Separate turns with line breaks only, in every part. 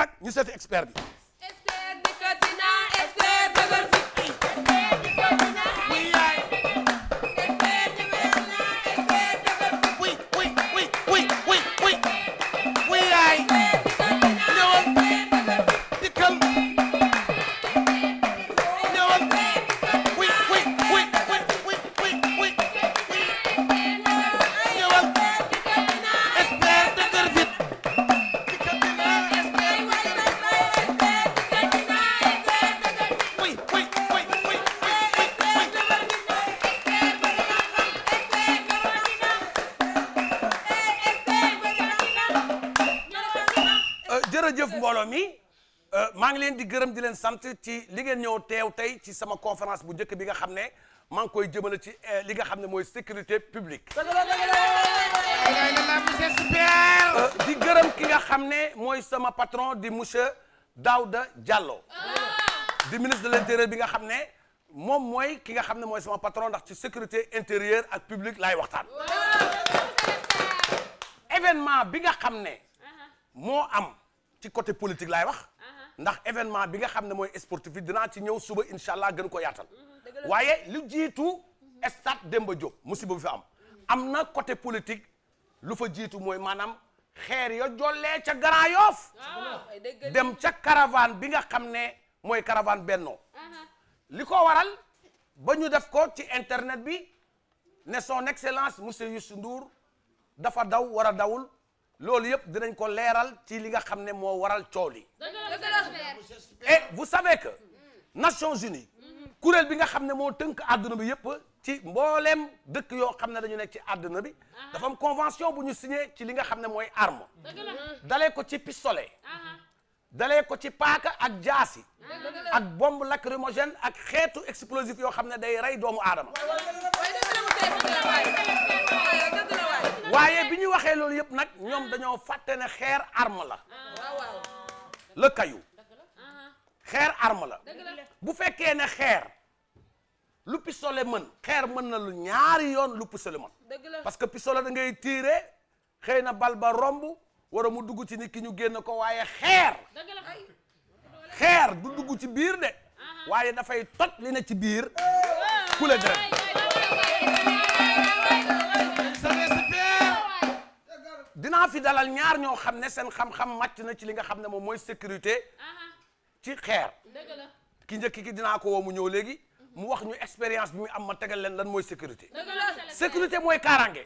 nag ñu seeti expert bi ngi leen di gërëm di leen sant ci li ngeen ñëw teew tey ci sama conférence bu njëkk bi nga xam ne maa ngi koy jëmale ci eh, li nga xam ne mooy sécurité publique. Euh, di gërëm ki nga xam ne mooy sama patron di monsieur Daouda Diallo. Ah. di ministre de l'intérieur bi nga xam ne moom mooy ki nga xam ne mooy sama patron ndax ci sécurité intérieure ak publique laay waxtaan. événement bi nga xam ne ah. moo am ci côté politique laay wax. Ah. ndax événement bi nga xam ne mooy sportif bi dinaa ci ñëw suba incha allah gën ko yaatal. Mhm, waaye lu jiitu dem ba Diop musiba bi fi am. am na côté politique lu fa jiitu mooy maanaam xeer yo jollee ca Grand Yoff dem ca caravane bi nga xam ne mooy caravane Benno uh-huh. li ko waral ba ñu def ko ci internet bi ne son excellence monsieur Youssou nduur dafa daw war a dawul loolu yëpp dinañ ko leeral ci li nga xam ne moo waral coow li et vous savez que Nations Unies kuréel bi nga xam ne moo tënk àdduna bi yëpp ci mbooleem dëkk yoo xam ne dañu nekk ci àdduna bi dafa am convention bu ñu signé ci li nga xam ne mooy armo dalee ko ci pistolet dalee ko ci paaka ak jaasi ak bombe lacrymogène ak xeetu explosif yoo xam ne day rey doomu aadama waaye bi ñuy waxee loolu yëpp nag ñoom dañoo fàtte ne xeer arme la ah, le caillou ah. xeer arme la bu fekkee ne xeer lu pistolet mën xeer mën na lu ñaari yoon lu pistolet mën parce que pistolet da ngay tiire xëy na bal ba romb wara mu dugg ci nit ki ñu génn ko waaye xeer xeer du dugg ci biir de ah. waaye dafay toj li na ci biir coulé direct fi dalal ñaar ñoo xam ne seen xam-xam màcc na ci li nga xam ne moom mooy sécurité ci xeer dëgg la ki njëkk ki dinaa ko woo mu ñëw léegi mu wax ñu expérience bi mu am ma tegal leen lan mooy sécurité sécurité mooy kaaraange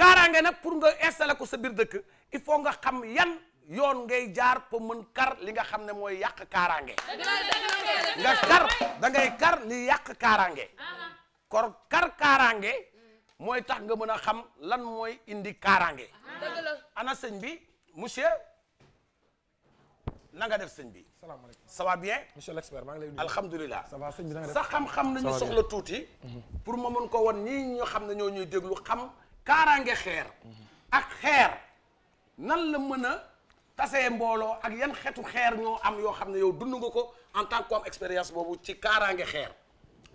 kaaraange nag pour nga installé ko sa biir dëkk il faut nga xam yan yoon ngay jaar pour mën kar li nga xam ne mooy yàq kaaraange nga kar da ngay kar li yàq kaarange kor kar kaaraange mooy tax nga mën a xam lan mooy indi kaaraange. ana sëñ bi monsieur nanga def sëñ bi. salaamaaleykum ça bien. monsieur l'expert maa ngi lay nuyu. alhamdulilah ça va sëñ bi na nga sa xam-xam nañu soxla tuuti. Mhm. pour ma mën ko won ñii ñoo xam ne ñoo ñuy déglu xam kaaraange xeer. Mhm. ak xeer nan la mën a tasee mbooloo ak yan xeetu xeer ñoo am yoo xam ne yow dund nga ko en tant que expérience boobu ci kaaraange xeer.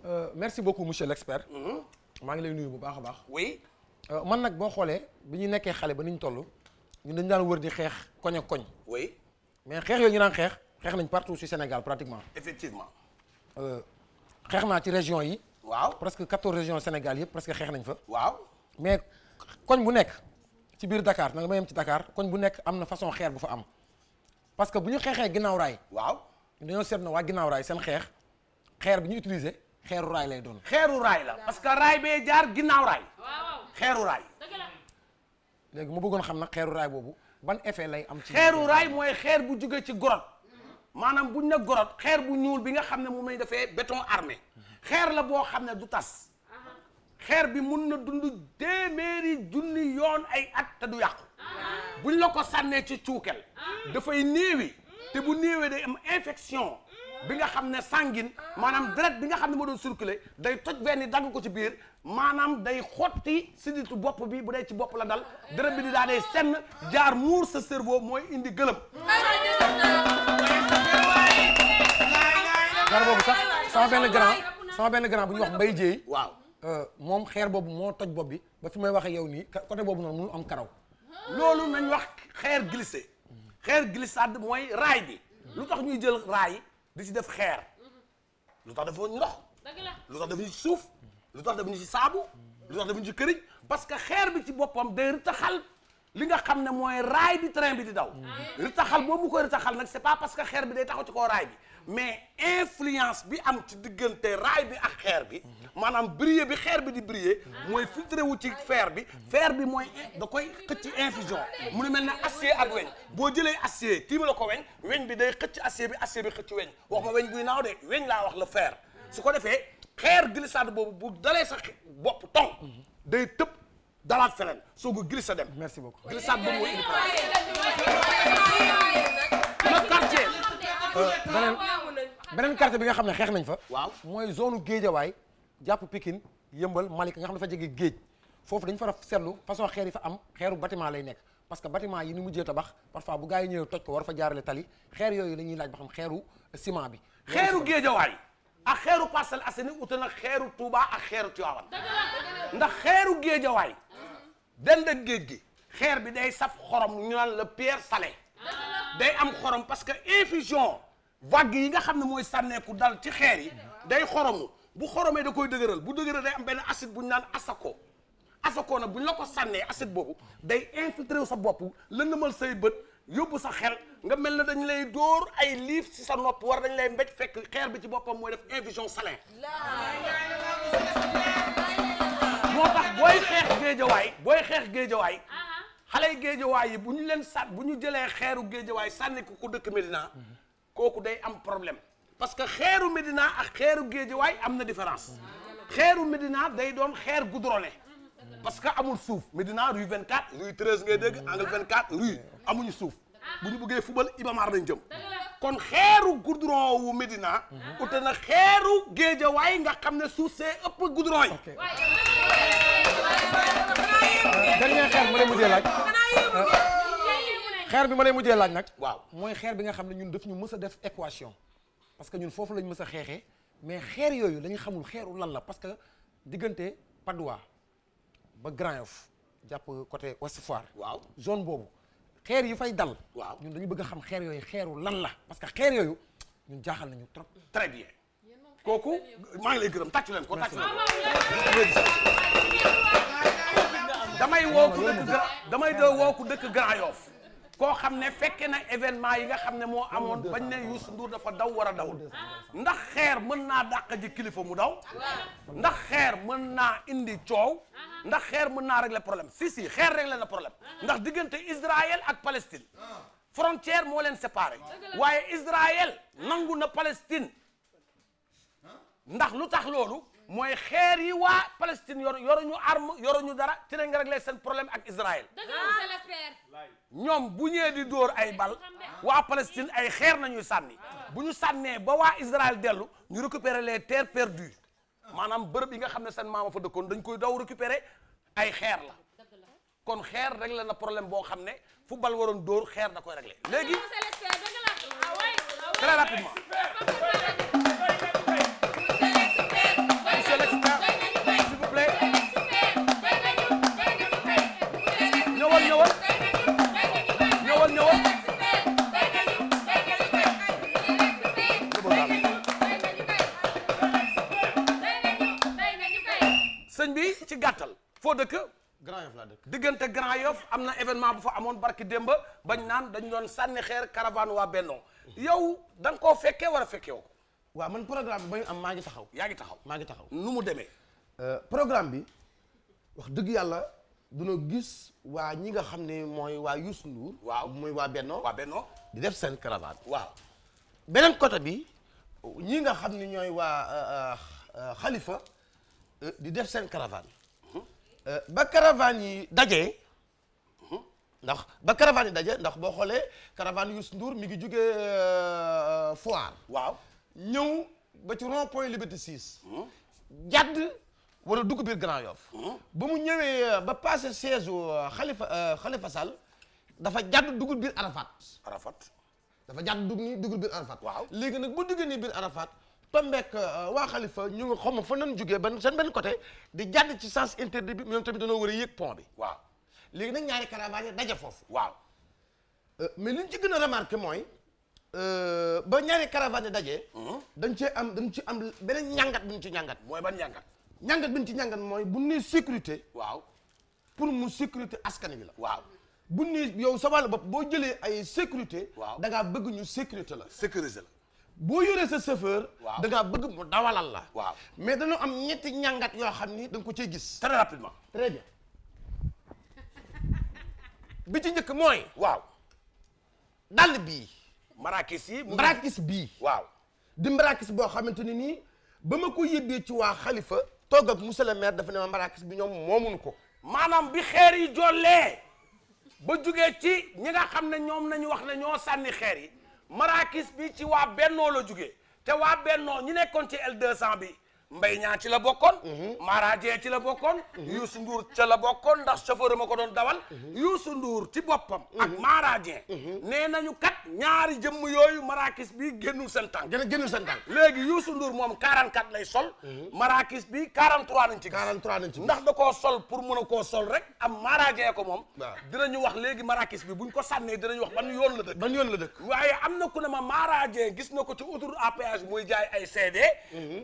Euh, merci beaucoup monsieur l'expert. Mhm. maa ngi lay nuyu bu baax a baax. oui. Euh, man nag boo xoolee bi ñu nekkee xale ba ni ñu toll ñun dañu daan wër di xeex koñ koñ. oui mais xeex yooyu ñu daan xeex xeex nañ partout ci Sénégal pratiquement. effectivement. Euh, xeex naa ci région yi. waaw presque quatorze régions Sénégal yëpp presque xeex nañ fa. waaw mais koñ bu nekk ci biir Dakar na nga ma ci dakaar koñ bu nekk am na façon xeer bu fa am parce que bu ñu xeexee ginnaaw raay. waaw dañoo seet na waa ginnaaw raay seen xeex xeer bi ñu utiliser. xeeru raay lay doon xeeru raay la parce que raay bee jaar ginnaaw raay xeeru raay léegi mu bëggoon xam nag xeeru raay boobu ban effet lay am ci xeeru raay mooy xeer bu jóge ci gorot maanaam buñ na gorot xeer bu ñuul bi nga xam ne moom lañ defee béton armé xeer la boo xam ne du tas xeer bi mun na dund téeméeri junni yoon ay at te du yàqu ah. buñ la ko sànnee ci cuukel ah. dafay néewi te bu néewee day am infection bi nga xam ne sanguine maanaam deret bi nga xam ne moo doon circulé day toj benni yi dagg ko ci biir maanaam day xotti siditu bopp bi bu dee ci bopp la dal deret bi di daa day senn jaar muur sa cerveau mooy indi gëlëm xeer boobu sax sama benn grand sama benn grand bu ñuy wax mbay jéey waaw euh, moom xeer boobu moo toj bopp bi ba fi may waxe yow nii côté boobu noonu mënu am karaw loolu nañ wax xeer glissé xeer glissade mooy raay bi lu tax ñuy jël raay di ci def xeer lu tax defuñu ndox lu tax defuñu ci suuf lu tax defuñu ci saabu lu tax defuñu ci këriñ parce que xeer bi ci boppam day rëtaxal li nga xam ne mooy raay bi train bi di daw mm-hmm. ritaxal boobu mu koy xal nag c'est pas parce que xeer bi day taxaw ci kaw raay bi mais influence bi am ci diggante raay bi ak xeer bi mm-hmm. maanaam briller bi xeer bi di briller ah. mooy filtré wu ci fer bi fer bi mooy da koy xëcc infusion mu ne mel ne acier ak weñ boo jëlee acier tiimale ko weñ weñ bi day xëcc acier bi acier bi xëcc weñ wax ma weñ buy naaw de weñ laa wax la fer su ko defee xeer glissade boobu bu dalee sa bopp tong mm-hmm. day dalaat feneen soo ko glissé dem. merci beaucoup glissaat ba mu indi problème. beneen quartier bi nga xam ne xeex nañ fa. waaw mooy zone nu Géejawaay jàpp Pikine yëmbal Malika nga xam ne dafa jege géej foofu dañ fa def seetlu façon xeer yi fa am xeeru bâtiment lay nekk. parce que bâtiment yi ni mujjee tabax parfois bu gars yi ñëwee toj ko war fa jaarale tali xeer yooyu la laaj ba xam xeeru ciment bi. xeeru géejawaay ak xeeru Parcelles Assainies ute na xeeru Touba ak xeeru Tivaouane. ndax xeeru géejawaay. dend ak géej gi xeer bi day saf xorom ñu naan la pierre salée day am xorom parce que infusion vague yi nga xam ne mooy sànneeku dal ci xeer yi day xoromu bu xoromee da koy dëgëral bu dëgëral day am benn acide bu ñu naan asako asako nag bu ñu la ko sànnee acide boobu day infiltrer sa bopp lëndëmal say bët yóbbu sa xel nga mel ne dañu lay dóor ay liif si sa nopp war dañ lay mbéj fekk xeer bi ci boppam mooy def infusion salée géejawaay booy xeex géejawaay ah, ah. xale yi géejawaay yi bu ñu leen sànn bu ñu jëlee xeeru géejawaay sànni ko ku dëkk Medina mhm. kooku day am problème parce que xeeru Medina ak xeeru géejawaay am na différence mhm. xeeru Medina day doon xeer goudronné mhm. parce que amul suuf Medina rue 24 rue 13 ngay dégg angle 24 rue amuñu suuf ah. bu ñu bëggee fubal Ibamaar lañ jëm kon xeeru goudron wu Medina ute na xeeru géejawaay nga xam ne suuf see ëpp goudron yi dernier xeer ma lay mujjee xeer bi ma lay mujjee laaj nag. waaw mooy xeer bi nga xam ne ñun daf ñu mës a def équation. parce que ñun foofu lañ mës a xeexee mais xeer yooyu lañu xamul xeeru lan la parce que diggante Padois ba Grand Yoff jàpp côté Ouest Foire. waaw zone boobu. xeer yi fay dal. waaw ñun dañu bëgg a xam xeer yooyu xeeru lan la parce que xeer yooyu ñun jaaxal nañu trop. très bien. kooku maa ngi lay gërëm tàccu leen ko tàccu leen damay woo dëkk grand damay doo woo ku dëkk Grand Yoff koo xam ne fekke na événement yi nga xam ne moo amoon bañ ne Youssou Ndour dafa daw war a dawul ndax xeer mën naa dàq ji kilifa mu daw ndax xeer mën naa indi coow ndax xeer mën naa régler problème si si xeer régler na problème ndax diggante Israël ak Palestine frontière moo leen séparé waaye Israël nangu na Palestine ndax lu tax loolu mooy xeer yi waa Palestine yor yoruñu arme ñu dara ci la nga réglé seen problème ak Israël ñoom bu ñëwee di dóor ay bal waa ay xeer nañuy sànni ah. bu ñu sànnee ba waa Israël dellu ñu récupérer les terres perdues maanaam bërëb yi nga xam ne seen maama fa dëkkoon dañ koy daw récupérer ay xeer la kon xeer réglé na problème boo xam ne fu bal waroon dóor xeer na koy réglé léegi ah, ah, très rapidement sëñ bi ci gàttal foo dëkk. Grand Yoff laa dëkk diggante Grand Yoff am na événement bu fa amoon barki démba bañ naan dañu doon sànni xeer caravane waa Benno yow da koo fekkee war a fekkee ko. waaw man programme bi ba am maa ngi taxaw. yaa ngi taxaw maa ngi taxaw nu mu demee. Euh, programme bi wax dëgg yàlla duna gis waa ñi nga xam ne mooy waa Youssou Ndour. waaw mooy waa Benno waa Benno di def seen caravane. waaw beneen côté bi ñi nga xam ne ñooy waa euh, euh, Khalifa. di def seen caravane euh, ba caravane yi daje ndax ba caravane yi daje ndax boo xoolee caravane Youssou Ndour mi ngi jugee euh, foire waaw ñëw ba ci rond point Liberté 6 jàdd wala dugg biir Grand Yoff ba mu ñëwee euh, ba passé siège Khalifa Khalifa Sall dafa jàdd dugg biir Arafat Arafat dafa jàdd dugg nii dugg biir Arafat waaw léegi nag bu duggee nii biir Arafat tombeek euh, waa xalifa ñu ngi xaw ma fa nan jógee ban seen benn côté di jàdd ci sens interdit bi ñoom tamit dañoo war a yëg pont bi waaw léegi nag ñaari caravane yi daje foofu waaw euh, mais li ñu ci gën a remarqué mooy euh, ba ñaari caravane daje dajee dañ cee am dañ ci am beneen ñàngat bi ñu ci ñàngat mooy ban ñàngat ñàngat bi ci ñàngat mooy bu ne sécurité waaw pour mu sécurité askan wi la waaw bu ne yow sa wàllu bopp boo jëlee ay sécurité waaw da ngaa bëgg ñu sécurité la sécuriser la boo yoree sa chauffeur. waaw da bëgg mu dawalal la. waaw mais dañoo am ñetti ñàngat yoo xam ni danga ko cee gis. très rapidement. très bien. bi ci njëkk mooy. waaw. dàll bii. marakis yi marakis bii. waaw di marakis boo xamante ni nii ba ma ko yëbbee ci waa xalifa togg ak monsieur le maire dafa ne ma marakis bi ñoom moomuñu ko. maanaam bi xeer yi jollee ba jugee ci ñi nga xam ne ñoom nañu wax ne ñoo sànni xeer yi. maraakiis bi ci waa bennoo la jugee te waa bennoo ñu nekkoon ci L200 bi Mbaye ñaa ci la bokkoon. Mhm. Mara Dieng ci la bokkoon. Mhm. Youssou Ndour ca la bokkoon ndax chauffeur ma ko doon dawal. Mhm. Youssou Ndour ci boppam. ak Mara Dieng. nee nañu kat ñaari jëmm yooyu marakis bi génnul seen tànk. gën a génnul seen tànk léegi Youssou Ndour moom 44 lay sol. marakis bi 43 nañ ci. 43 nañ ci ndax da koo sol pour mën a koo sol rek am Mara Dieng ko moom. dinañu wax léegi marakis bi buñ ko sànnee dinañu wax ban yoon la dëkk. ban yoon la dëkk waaye am na ku ne ma Mara Dieng gis na ko ci autour APH muy jaay ay CD.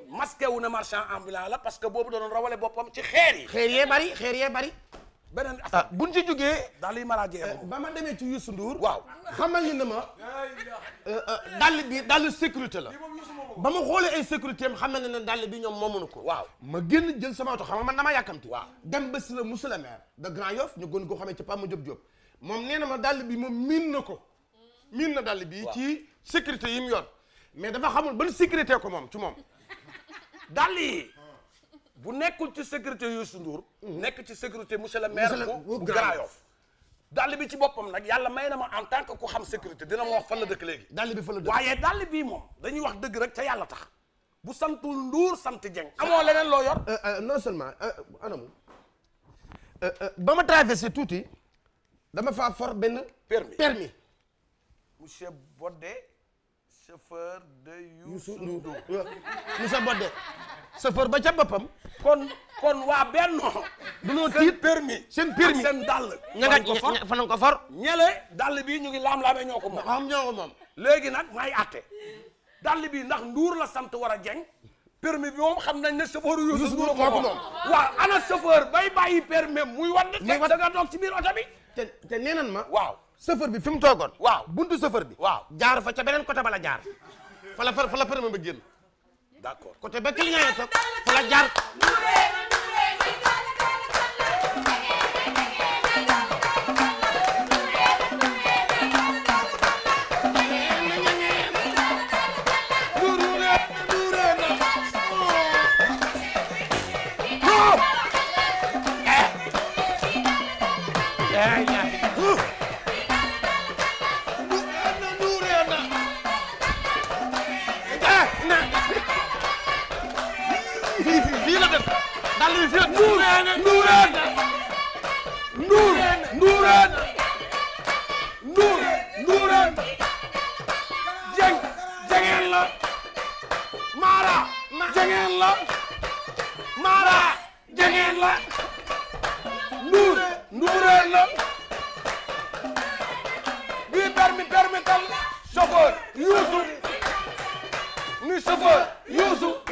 masqué wu marchand ambulant la parce que boobu doon rawale boppam ci xeer yi. xeer yee bari xeer yee bari. beneen ah buñ ci jugee. daal di malaajee ba ma demee ci Youssou Ndour. waaw xamal ni ne ma. Euh, euh, dàll bi dàll sécurité la. ba ma xoolee ay sécurité am xam na ne dàll bi ñoom moomuñu ko. waaw ma génn jël sama oto xam nga man dama yàkkamti. waaw dem ba si la monsieur le maire de Grand Yoff ñu gën koo xamee ci Pape Madiop Diop moom nee na ma dàll bi moom miin na ko. miin na dàll bi ci sécurité yi mu yor mais dafa xamul ban sécurité ko moom ci moom. dàll yi bu nekkul ci sécurité Youssou Ndour nekk ci sécurité monsieur le maire bu Grand Yoff dàll bi ci boppam nag yàlla may na ma en tant que ku xam sécurité dina ma wax fan la dëkk léegi bi fan la dëkk waaye dàll bii moom dañu wax dëgg rek te yàlla tax bu santu Ndour sant Dieng amoo leneen loo yor euh, euh, non seulement euh, anam ba ma traversé tuuti dama faa for benn permis permis monsieur Bodé chauffeur de Youssou Ndour euh, monsieur Bodde chauffeur ba ca boppam kon kon waa bennoo dunoo tiit permis seen permis seen dàll ña nga fa nañ ko for ñele dàll bii ñu ngi laam-laamee ñoo ko moom am ñoo ko moom léegi nag maay atte dàll bii ndax Ndour la sant war a jeng permi bi moom xam nañ ne chauffeur Youssou Ndour moo ko moom waaw ana chauffeur bay bàyyi permis muy wadd te da nga toog ci biir oto bi te te nee nan ma waaw chauffeur bi fi mu toogoon. waaw buntu chauffeur bi. waaw jaar fa ca beneen côté bala jaar. fa la fa la fa la ma génn. d'accord côté ba client yi toog fa la jaar. Ndourène Ndourène Ndour Ndourène Ndour Ndourène Jeng jengeen la Mara jengeen la Mara jengeen la Ndour Ndourène la bii permi permi tal chauffeur Youssou ni chauffeur Youssou